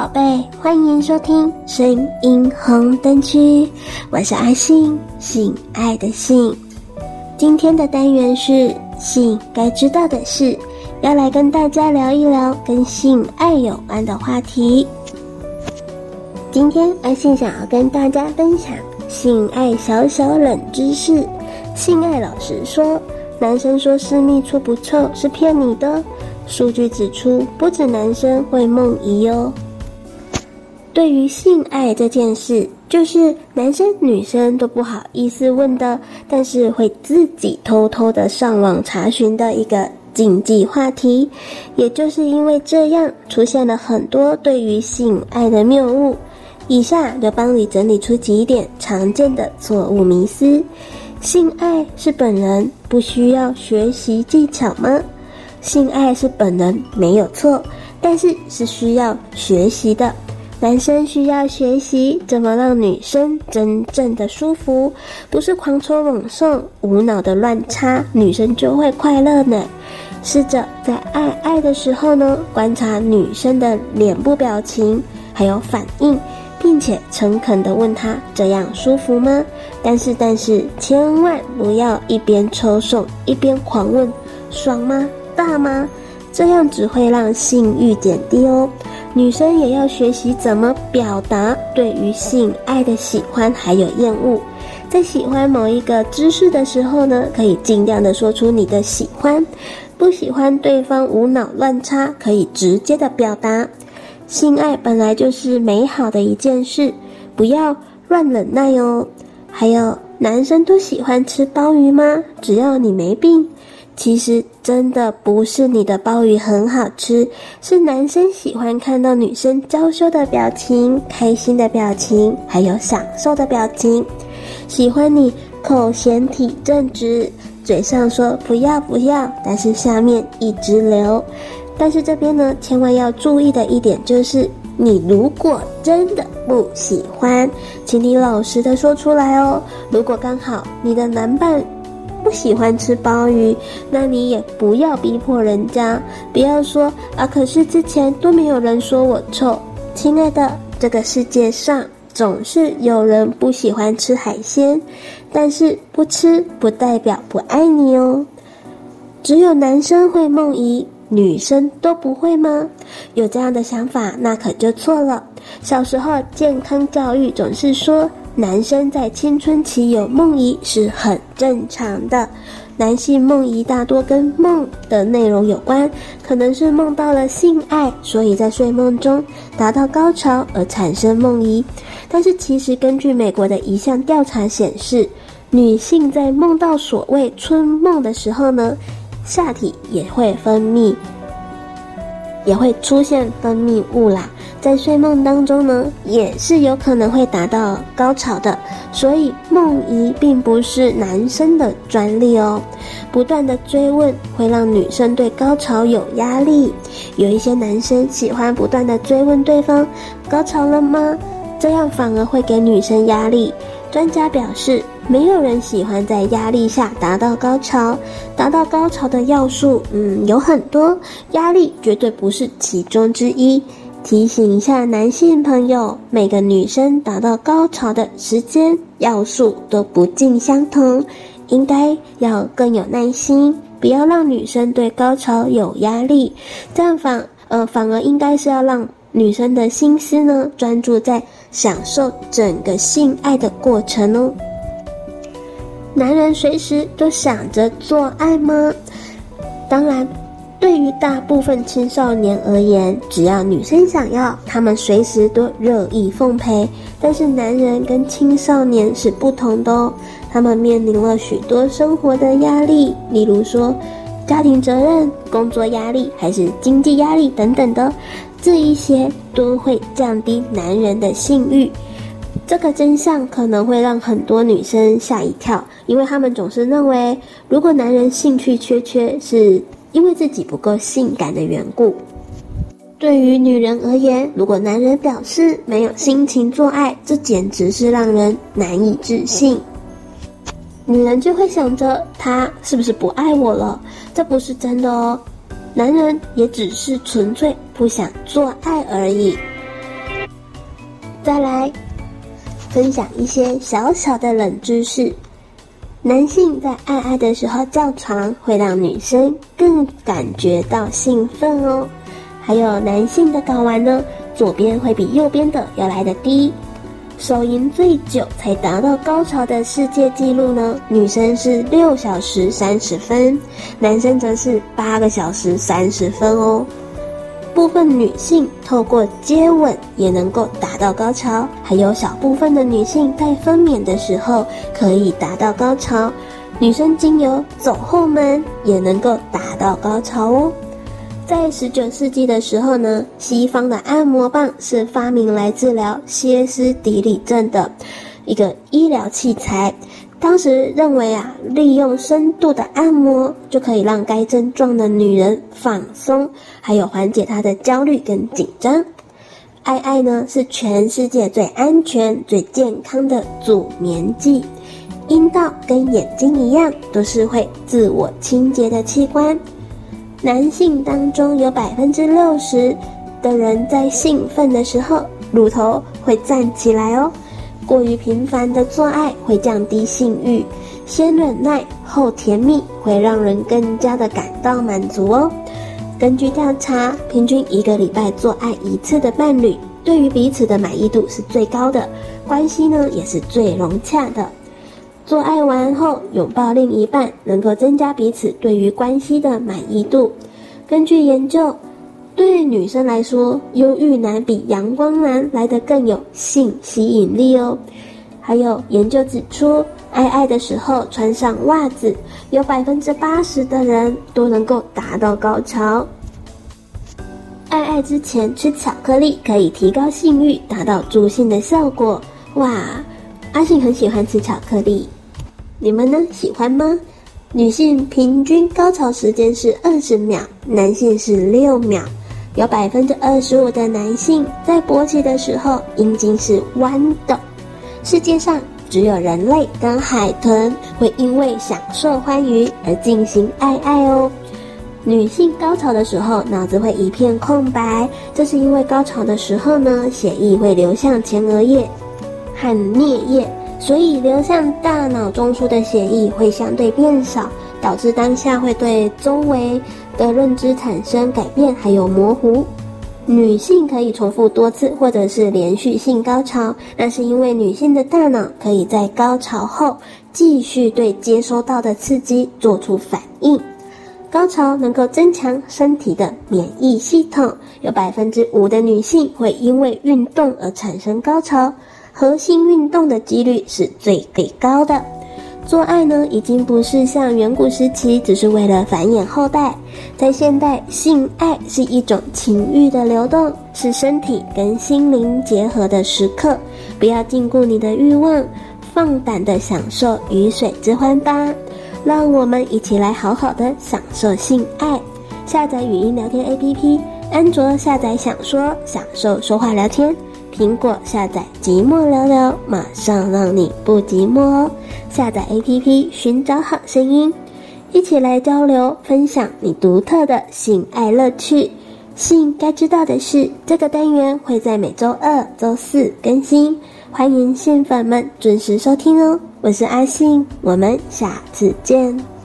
寶貝，歡迎收聽《聲音紅燈區》，我是阿信，性愛的性。今天的單元是性該知道的事，要來跟大家聊一聊跟性愛有關的話題。今天阿信想要跟大家分享性愛小小冷知識：性愛老師說，男生說私密處不臭是騙你的。數據指出，不只男生會夢遺哦。對於性愛這件事，就是男生女生都不好意思問的，但是會自己偷偷的上網查詢的一個禁忌話題。也就是因為這樣，出現了很多對於性愛的謬誤。以下就幫你整理出幾點常見的錯誤迷思：性愛是本能，不需要學習技巧嗎？性愛是本能沒有錯，但是是需要學習的。男生需要學習怎麼讓女生真正的舒服，不是狂抽猛送、無腦的亂插，女生就會快樂呢。試着在愛愛的時候呢，觀察女生的臉部表情還有反應，並且誠懇的問她這樣舒服嗎？但是但是千萬不要一邊抽送一邊狂問爽嗎大嗎，這樣只會讓性慾減低哦。女生也要學習怎麼表達對於性愛的喜歡還有厭惡，在喜歡某一個姿勢的時候呢，可以盡量的說出你的喜歡，不喜歡對方無腦亂插，可以直接的表達。性愛本來就是美好的一件事，不要亂忍耐哦。還有，男生都喜歡吃鮑魚嗎？只要你沒病。其實真的不是你的鮑魚很好吃，是男生喜歡看到女生嬌羞的表情、開心的表情，還有享受的表情。喜歡你口嫌體正直，嘴上說不要不要，但是下面一直流。但是這邊呢，千萬要注意的一點就是，你如果真的不喜歡，請你老實的說出來哦。如果剛好你的男伴。不喜歡吃鮑魚，那你也不要逼迫人家。不要說啊，可是之前都沒有人說我臭。親愛的，這個世界上總是有人不喜歡吃海鮮，但是不吃不代表不愛你哦。只有男生會夢遺，女生都不會嗎？有這樣的想法，那可就錯了。小時候健康教育總是說。男生在青春期有夢遺是很正常的，男性夢遺大多跟夢的內容有關，可能是夢到了性愛，所以在睡夢中達到高潮而產生夢遺。但是其實根據美國的一項調查顯示，女性在夢到所謂春夢的時候呢，下體也會分泌，也會出現分泌物啦。在睡夢當中呢，也是有可能會達到高潮的，所以夢遺並不是男生的專利哦。不斷的追問會讓女生對高潮有壓力。有一些男生喜歡不斷的追問對方“高潮了嗎”，這樣反而會給女生壓力。專家表示，沒有人喜歡在壓力下達到高潮。達到高潮的要素，嗯，有很多，壓力絕對不是其中之一。提醒一下男性朋友，每個女生達到高潮的時間要素都不盡相同，應該要更有耐心，不要讓女生對高潮有壓力。這樣反，呃，反而應該是要讓女生的心思呢，專注在享受整個性愛的過程哦。男人隨時都想着做愛嗎？當然。對於大部分青少年而言，只要女生想要，他們隨時都樂意奉陪。但是男人跟青少年是不同的哦，他們面臨了許多生活的壓力，例如說家庭責任、工作壓力還是經濟壓力等等的，這一些都會降低男人的性慾。這個真相可能會讓很多女生嚇一跳，因為他們總是認為，如果男人興趣缺缺是因為自己不夠性感的緣故，對於女人而言，如果男人表示沒有心情做愛，這簡直是讓人難以置信。女人就會想着他是不是不愛我了？這不是真的哦，男人也只是純粹不想做愛而已。再來分享一些小小的冷知識。男性在愛愛的時候叫床會讓女生更感覺到興奮哦。還有男性的睾丸呢，左邊會比右邊的要來得低。手淫最久才達到高潮的世界紀錄呢，女生是六小時三十分，男生則是八個小時三十分哦。部分女性透過接吻也能夠達到高潮，還有小部分的女性在分娩的時候可以達到高潮。女生經由走後門也能夠達到高潮哦。在十九世紀的時候呢，西方的按摩棒是發明來治療歇斯底里症的一個醫療器材。當時認為啊，利用深度的按摩就可以讓該症狀的女人放鬆，還有緩解她的焦慮跟緊張。愛愛呢，是全世界最安全、最健康的助眠劑。陰道跟眼睛一樣，都是會自我清潔的器官。男性當中有百分之六十的人在興奮的時候，乳頭會站起來哦。過於頻繁的做愛會降低性慾，先忍耐後甜蜜會讓人更加的感到滿足哦。根據調查，平均一個禮拜做愛一次的伴侶，對於彼此的滿意度是最高的，關係呢也是最融洽的。做愛完後擁抱另一半，能夠增加彼此對於關係的滿意度。根據研究。對女生來說，憂鬱男比陽光男來得更有性吸引力哦。還有研究指出，愛愛的時候穿上襪子，有百分之八十的人都能夠達到高潮。愛愛之前吃巧克力可以提高性慾，達到助性的效果。哇，阿信很喜歡吃巧克力，你們呢？喜歡嗎？女性平均高潮時間是二十秒，男性是六秒。有百分之二十五的男性在勃起的時候，陰莖是彎的。世界上只有人類跟海豚會因為享受歡愉而進行愛愛哦。女性高潮的時候，腦子會一片空白，這是因為高潮的時候呢，血液會流向前額葉和顳葉，所以流向大腦中樞的血液會相對變少，導致當下會對周圍的認知產生改變，還有模糊。女性可以重複多次或者是連續性高潮，那是因為女性的大腦可以在高潮後繼續對接收到的刺激做出反應。高潮能夠增強身體的免疫系統，有百分之五的女性會因為運動而產生高潮，核心運動的幾率是最高的。做愛呢，已經不是像遠古時期只是為了繁衍後代，在現代，性愛是一種情欲的流動，是身體跟心靈結合的時刻。不要禁錮你的欲望，放膽的享受魚水之歡吧。讓我們一起來好好的享受性愛。下載語音聊天 APP，安卓下載“享說享受說話聊天”，蘋果下載“寂寞聊聊”，馬上讓你不寂寞哦。下載 APP，尋找好聲音，一起來交流分享你獨特的性愛樂趣。性該知道的事，這個單元會在每周二、周四更新，歡迎性粉們準時收聽哦。我是阿信，我們下次見。